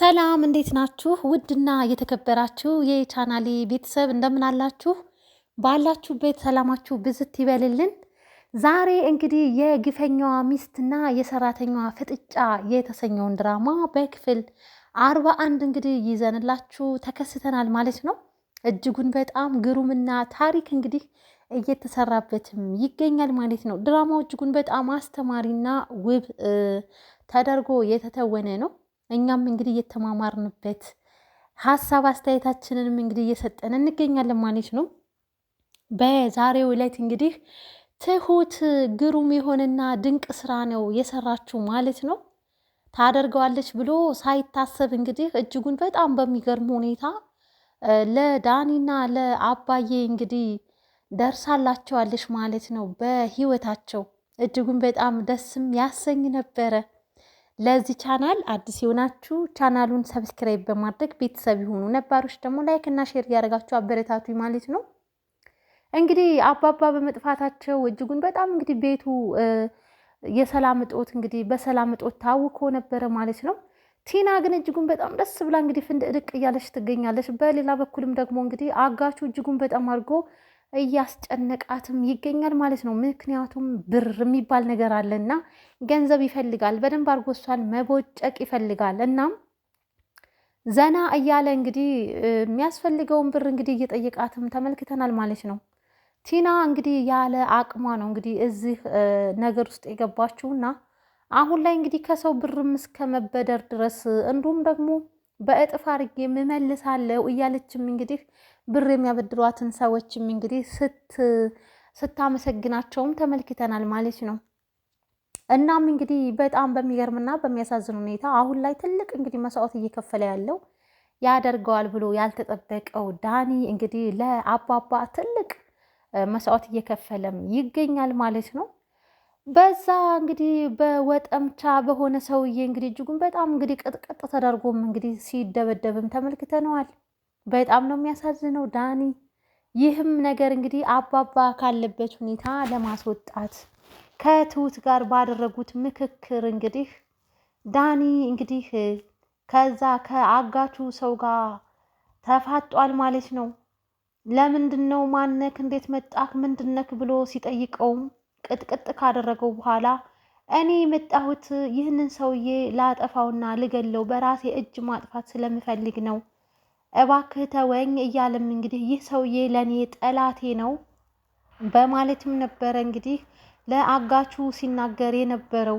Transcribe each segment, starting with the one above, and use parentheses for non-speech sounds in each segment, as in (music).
ሰላም እንዴት ናችሁ? ውድና የተከበራችሁ የቻናሌ ቤተሰብ እንደምን አላችሁ? ባላችሁበት ሰላማችሁ ብዝት ይበልልን። ዛሬ እንግዲህ የግፈኛዋ ሚስትና የሰራተኛዋ ፍጥጫ የተሰኘውን ድራማ በክፍል አርባ አንድ እንግዲህ ይዘንላችሁ ተከስተናል ማለት ነው። እጅጉን በጣም ግሩምና ታሪክ እንግዲህ እየተሰራበትም ይገኛል ማለት ነው። ድራማው እጅጉን በጣም አስተማሪና ውብ ተደርጎ የተተወነ ነው። እኛም እንግዲህ እየተማማርንበት ሀሳብ አስተያየታችንንም እንግዲህ እየሰጠን እንገኛለን ማለት ነው። በዛሬው ዕለት እንግዲህ ትሁት ግሩም የሆነና ድንቅ ስራ ነው የሰራችው ማለት ነው። ታደርገዋለች ብሎ ሳይታሰብ እንግዲህ እጅጉን በጣም በሚገርም ሁኔታ ለዳኒና ለአባዬ እንግዲህ ደርሳላቸዋለች ማለት ነው። በህይወታቸው እጅጉን በጣም ደስም ያሰኝ ነበረ። ለዚህ ቻናል አዲስ የሆናችሁ ቻናሉን ሰብስክራይብ በማድረግ ቤተሰብ የሆኑ ነባሮች ደግሞ ላይክ እና ሼር እያደረጋችሁ አበረታቱ ማለት ነው። እንግዲህ አባባ በመጥፋታቸው እጅጉን በጣም እንግዲህ ቤቱ የሰላም እጦት እንግዲህ በሰላም እጦት ታውኮ ነበረ ማለት ነው። ቲና ግን እጅጉን በጣም ደስ ብላ እንግዲህ እድቅ እያለች ትገኛለች። በሌላ በኩልም ደግሞ እንግዲህ አጋቹ እጅጉን በጣም አድርጎ እያስጨነቃትም ይገኛል ማለት ነው። ምክንያቱም ብር የሚባል ነገር አለ እና ገንዘብ ይፈልጋል። በደንብ አድርጎ እሷን መቦጨቅ ይፈልጋል። እናም ዘና እያለ እንግዲህ የሚያስፈልገውን ብር እንግዲህ እየጠየቃትም ተመልክተናል ማለት ነው። ቲና እንግዲህ ያለ አቅሟ ነው እንግዲህ እዚህ ነገር ውስጥ የገባችውና አሁን ላይ እንግዲህ ከሰው ብርም እስከ መበደር ድረስ እንዲሁም ደግሞ በእጥፍ አድርጌ እመልሳለሁ እያለችም እንግዲህ ብር የሚያበድሯትን ሰዎችም እንግዲህ ስታመሰግናቸውም ተመልክተናል ማለት ነው። እናም እንግዲህ በጣም በሚገርምና በሚያሳዝን ሁኔታ አሁን ላይ ትልቅ እንግዲህ መስዋዕት እየከፈለ ያለው ያደርገዋል ብሎ ያልተጠበቀው ዳኒ እንግዲህ ለአባባ ትልቅ መስዋዕት እየከፈለም ይገኛል ማለት ነው። በዛ እንግዲህ በወጠምቻ በሆነ ሰውዬ እንግዲህ እጅጉን በጣም እንግዲህ ቅጥቅጥ ተደርጎም እንግዲህ ሲደበደብም ተመልክተነዋል። በጣም ነው የሚያሳዝነው ዳኒ። ይህም ነገር እንግዲህ አባባ ካለበት ሁኔታ ለማስወጣት ከትሁት ጋር ባደረጉት ምክክር እንግዲህ ዳኒ እንግዲህ ከዛ ከአጋቹ ሰው ጋር ተፋጧል ማለት ነው። ለምንድን ነው ማነክ፣ እንዴት መጣክ፣ ምንድነክ ብሎ ሲጠይቀውም ቅጥቅጥ ካደረገው በኋላ እኔ የመጣሁት ይህንን ሰውዬ ላጠፋውና ልገለው በራሴ እጅ ማጥፋት ስለምፈልግ ነው፣ እባክህ ተወኝ እያለም እንግዲህ ይህ ሰውዬ ለእኔ ጠላቴ ነው በማለትም ነበረ እንግዲህ ለአጋቹ ሲናገር የነበረው።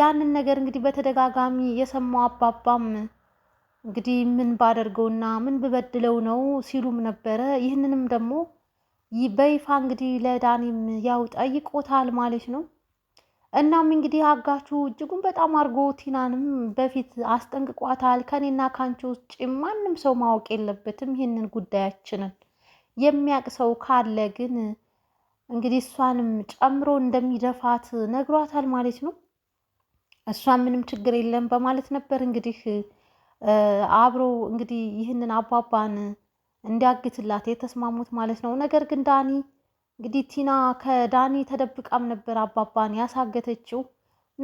ያንን ነገር እንግዲህ በተደጋጋሚ የሰማው አባባም እንግዲህ ምን ባደርገውና ምን ብበድለው ነው ሲሉም ነበረ። ይህንንም ደግሞ በይፋ እንግዲህ ለዳኒም ያው ጠይቆታል ማለት ነው። እናም እንግዲህ አጋቹ እጅጉን በጣም አድርጎ ቲናንም በፊት አስጠንቅቋታል። ከኔና ካንቺ ውጭ ማንም ሰው ማወቅ የለበትም ይህንን ጉዳያችንን የሚያቅ ሰው ካለ ግን እንግዲህ እሷንም ጨምሮ እንደሚደፋት ነግሯታል ማለት ነው። እሷን ምንም ችግር የለም በማለት ነበር እንግዲህ አብሮ እንግዲህ ይህንን አባባን እንዲያግትላት የተስማሙት ማለት ነው። ነገር ግን ዳኒ እንግዲህ ቲና ከዳኒ ተደብቃም ነበር አባባን ያሳገተችው።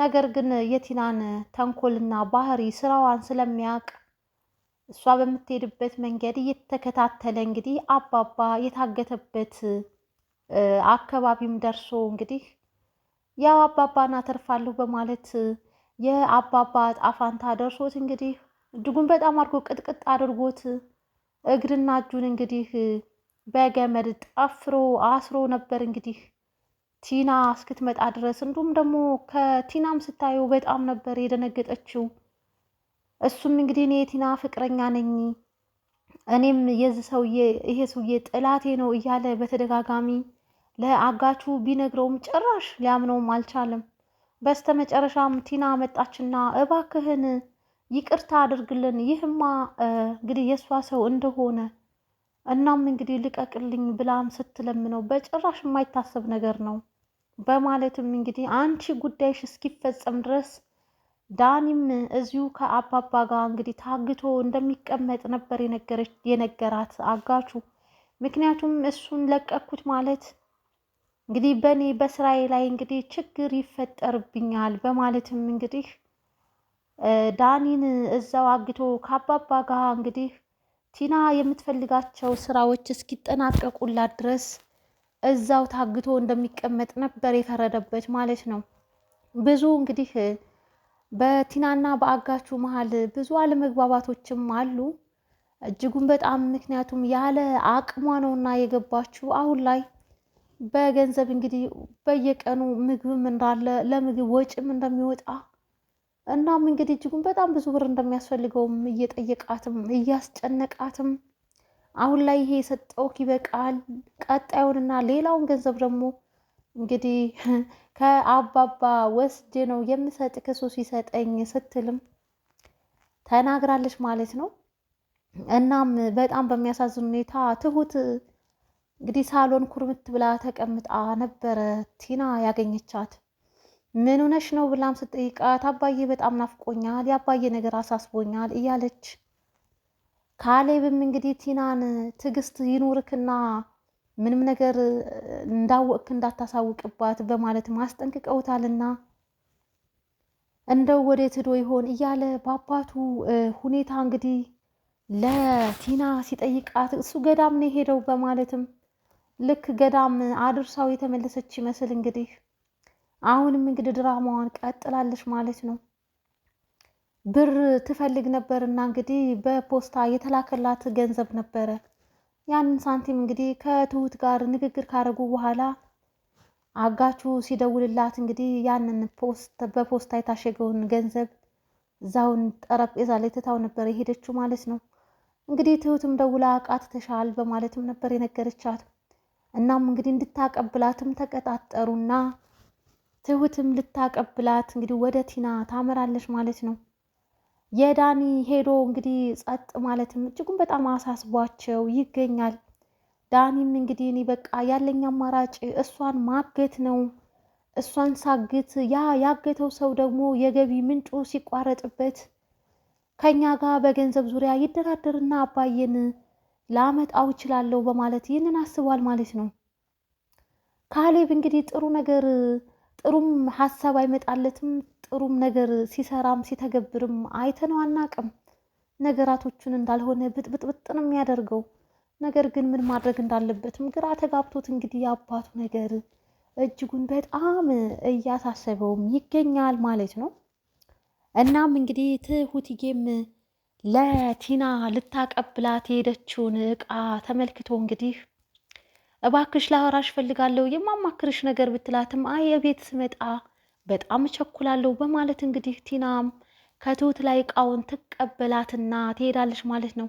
ነገር ግን የቲናን ተንኮልና ባህሪ ስራዋን ስለሚያውቅ እሷ በምትሄድበት መንገድ እየተከታተለ እንግዲህ አባባ የታገተበት አካባቢም ደርሶ እንግዲህ ያው አባባን አተርፋለሁ በማለት የአባባ ጣፋንታ ደርሶት እንግዲህ እጅጉን በጣም አድርጎ ቅጥቅጥ አድርጎት እግርና እጁን እንግዲህ በገመድ ጠፍሮ አስሮ ነበር እንግዲህ ቲና እስክትመጣ ድረስ። እንዲሁም ደግሞ ከቲናም ስታየው በጣም ነበር የደነገጠችው። እሱም እንግዲህ እኔ የቲና ፍቅረኛ ነኝ፣ እኔም የዚህ ሰውዬ ይሄ ሰውዬ ጥላቴ ነው እያለ በተደጋጋሚ ለአጋቹ ቢነግረውም ጭራሽ ሊያምነውም አልቻለም። በስተመጨረሻም ቲና መጣችና እባክህን ይቅርታ አድርግልን፣ ይህማ እንግዲህ የእሷ ሰው እንደሆነ እናም እንግዲህ ልቀቅልኝ ብላም ስትለምነው በጭራሽ የማይታሰብ ነገር ነው በማለትም እንግዲህ አንቺ ጉዳይሽ እስኪፈጸም ድረስ ዳኒም እዚሁ ከአባባ ጋር እንግዲህ ታግቶ እንደሚቀመጥ ነበር የነገራት አጋቹ። ምክንያቱም እሱን ለቀኩት ማለት እንግዲህ በእኔ በስራዬ ላይ እንግዲህ ችግር ይፈጠርብኛል በማለትም እንግዲህ ዳኒን እዛው አግቶ ከአባባ ጋር እንግዲህ ቲና የምትፈልጋቸው ስራዎች እስኪጠናቀቁላት ድረስ እዛው ታግቶ እንደሚቀመጥ ነበር የፈረደበት ማለት ነው። ብዙ እንግዲህ በቲናና በአጋቹ መሀል ብዙ አለመግባባቶችም አሉ እጅጉን በጣም ምክንያቱም ያለ አቅሟ ነውና የገባችው አሁን ላይ በገንዘብ እንግዲህ በየቀኑ ምግብም እንዳለ ለምግብ ወጪም እንደሚወጣ እናም እንግዲህ እጅጉን በጣም ብዙ ብር እንደሚያስፈልገውም እየጠየቃትም እያስጨነቃትም አሁን ላይ ይሄ የሰጠው ይበቃል፣ ቀጣዩንና ሌላውን ገንዘብ ደግሞ እንግዲህ (laughs) ከአባባ ወስጄ ነው የምሰጥ ክሱ ሲሰጠኝ ስትልም ተናግራለች ማለት ነው። እናም በጣም በሚያሳዝን ሁኔታ ትሁት እንግዲህ ሳሎን ኩርምት ብላ ተቀምጣ ነበረ ቲና ያገኘቻት። ምን ሆነሽ ነው ብላም ስትጠይቃት አባዬ በጣም ናፍቆኛል፣ የአባዬ ነገር አሳስቦኛል እያለች ካሌብም እንግዲህ ቲናን ትዕግስት ይኑርክና ምንም ነገር እንዳወቅክ እንዳታሳውቅባት በማለት ማስጠንቅቀውታልና እንደው ወዴት ሄዶ ይሆን እያለ በአባቱ ሁኔታ እንግዲህ ለቲና ሲጠይቃት እሱ ገዳም ነው የሄደው በማለትም ልክ ገዳም አድርሳው የተመለሰች ይመስል እንግዲህ አሁንም እንግዲህ ድራማዋን ቀጥላለች ማለት ነው። ብር ትፈልግ ነበር እና እንግዲህ በፖስታ የተላከላት ገንዘብ ነበረ። ያንን ሳንቲም እንግዲህ ከትሁት ጋር ንግግር ካደረጉ በኋላ አጋቹ ሲደውልላት እንግዲህ ያንን ፖስት በፖስታ የታሸገውን ገንዘብ እዛውን ጠረጴዛ ላይ ትታው ነበር የሄደችው ማለት ነው። እንግዲህ ትሁትም ደውላ አቃት ተሻል በማለትም ነበር የነገረቻት። እናም እንግዲህ እንድታቀብላትም ተቀጣጠሩና ትሁትም ልታቀብላት እንግዲህ ወደ ቲና ታመራለች ማለት ነው። የዳኒ ሄዶ እንግዲህ ጸጥ ማለትም እጅጉን በጣም አሳስቧቸው ይገኛል። ዳኒም እንግዲህ እኔ በቃ ያለኝ አማራጭ እሷን ማገት ነው። እሷን ሳግት ያ ያገተው ሰው ደግሞ የገቢ ምንጩ ሲቋረጥበት ከኛ ጋር በገንዘብ ዙሪያ ይደራደርና አባዬን ላመጣው እችላለሁ በማለት ይህንን አስቧል ማለት ነው። ካሌብ እንግዲህ ጥሩ ነገር ጥሩም ሀሳብ አይመጣለትም። ጥሩም ነገር ሲሰራም ሲተገብርም አይተነው አናቅም። ነገራቶቹን እንዳልሆነ ብጥብጥብጥ ነው የሚያደርገው። ነገር ግን ምን ማድረግ እንዳለበትም ግራ ተጋብቶት እንግዲህ የአባቱ ነገር እጅጉን በጣም እያሳሰበውም ይገኛል ማለት ነው። እናም እንግዲህ ትሁትዬም ለቲና ልታቀብላት የሄደችውን እቃ ተመልክቶ እንግዲህ እባክሽ ላወራሽ ፈልጋለሁ የማማክርሽ ነገር ብትላትም አይ የቤት ስመጣ በጣም እቸኩላለሁ በማለት እንግዲህ ቲናም ከትሁት ላይ እቃውን ትቀበላትና ትሄዳለች ማለት ነው።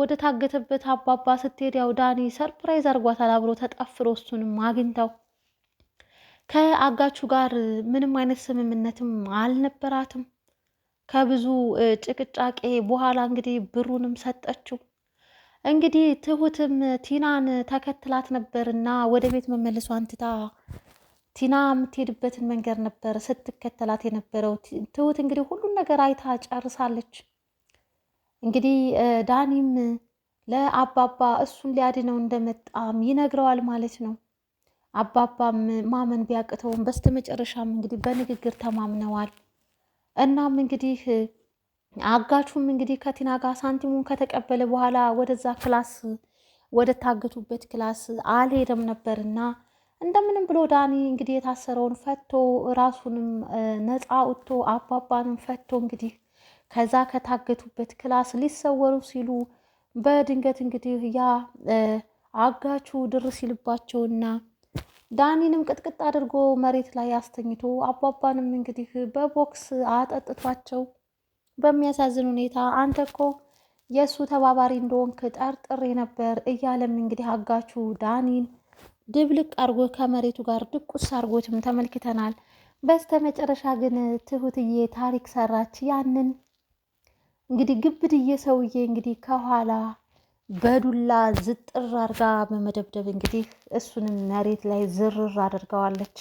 ወደ ታገተበት አባባ ስትሄድ ያው ዳኒ ሰርፕራይዝ አርጓታል አብሮ ተጠፍሮ እሱንም አግኝተው ከአጋቹ ጋር ምንም አይነት ስምምነትም አልነበራትም። ከብዙ ጭቅጫቄ በኋላ እንግዲህ ብሩንም ሰጠችው። እንግዲህ ትሁትም ቲናን ተከትላት ነበርና ወደ ቤት መመለሷን ትታ ቲና የምትሄድበትን መንገድ ነበር ስትከተላት የነበረው። ትሁት እንግዲህ ሁሉን ነገር አይታ ጨርሳለች። እንግዲህ ዳኒም ለአባባ እሱን ሊያድነው እንደመጣም ይነግረዋል ማለት ነው። አባባም ማመን ቢያቅተውም በስተመጨረሻም እንግዲህ በንግግር ተማምነዋል። እናም እንግዲህ አጋቹም እንግዲህ ከቲና ጋር ሳንቲሙን ከተቀበለ በኋላ ወደዛ ክላስ ወደ ታገቱበት ክላስ አልሄደም ነበርና እንደምንም ብሎ ዳኒ እንግዲህ የታሰረውን ፈቶ ራሱንም ነፃ ወጥቶ አባባንም ፈቶ እንግዲህ ከዛ ከታገቱበት ክላስ ሊሰወሩ ሲሉ በድንገት እንግዲህ ያ አጋቹ ድር ሲልባቸውና ዳኒንም ቅጥቅጥ አድርጎ መሬት ላይ አስተኝቶ አባባንም እንግዲህ በቦክስ አጠጥቷቸው በሚያሳዝን ሁኔታ አንተ እኮ የእሱ ተባባሪ እንደሆንክ ጠርጥሬ ነበር እያለም እንግዲህ አጋቹ ዳኒን ድብልቅ አርጎ ከመሬቱ ጋር ድቁስ አርጎትም ተመልክተናል። በስተ መጨረሻ ግን ትሁትዬ ታሪክ ሰራች። ያንን እንግዲህ ግብድዬ ሰውዬ እንግዲህ ከኋላ በዱላ ዝጥር አርጋ በመደብደብ እንግዲህ እሱንም መሬት ላይ ዝርር አድርገዋለች።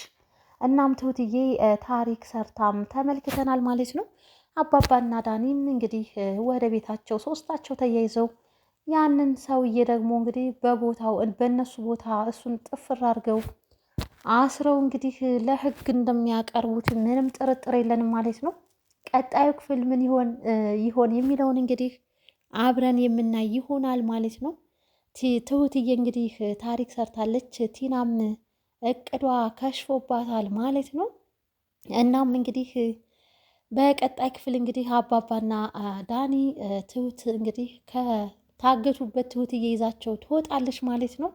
እናም ትሁትዬ ታሪክ ሰርታም ተመልክተናል ማለት ነው። አባባና ዳኒም እንግዲህ ወደ ቤታቸው ሶስታቸው ተያይዘው ያንን ሰውዬ ደግሞ እንግዲህ በቦታው በእነሱ ቦታ እሱን ጥፍር አድርገው አስረው እንግዲህ ለህግ እንደሚያቀርቡት ምንም ጥርጥር የለንም ማለት ነው። ቀጣዩ ክፍል ምን ይሆን ይሆን የሚለውን እንግዲህ አብረን የምናይ ይሆናል ማለት ነው። ትሁትዬ እንግዲህ ታሪክ ሰርታለች። ቲናም እቅዷ ከሽፎባታል ማለት ነው። እናም እንግዲህ በቀጣይ ክፍል እንግዲህ አባባና ዳኒ ትሁት እንግዲህ ከታገቱበት ትሁት እየይዛቸው ትወጣለች ማለት ነው።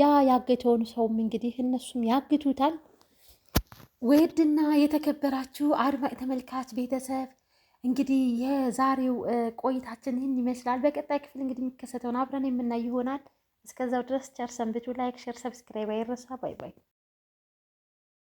ያ ያገተውን ሰውም እንግዲህ እነሱም ያግቱታል። ውድና የተከበራችሁ አድማጭ ተመልካች ቤተሰብ እንግዲህ የዛሬው ቆይታችን ይህን ይመስላል። በቀጣይ ክፍል እንግዲህ የሚከሰተውን አብረን የምናይ ይሆናል። እስከዛው ድረስ ቸር ሰንብቱ። ላይክ፣ ሸር፣ ሰብስክራይብ አይረሳ። ባይ ባይ።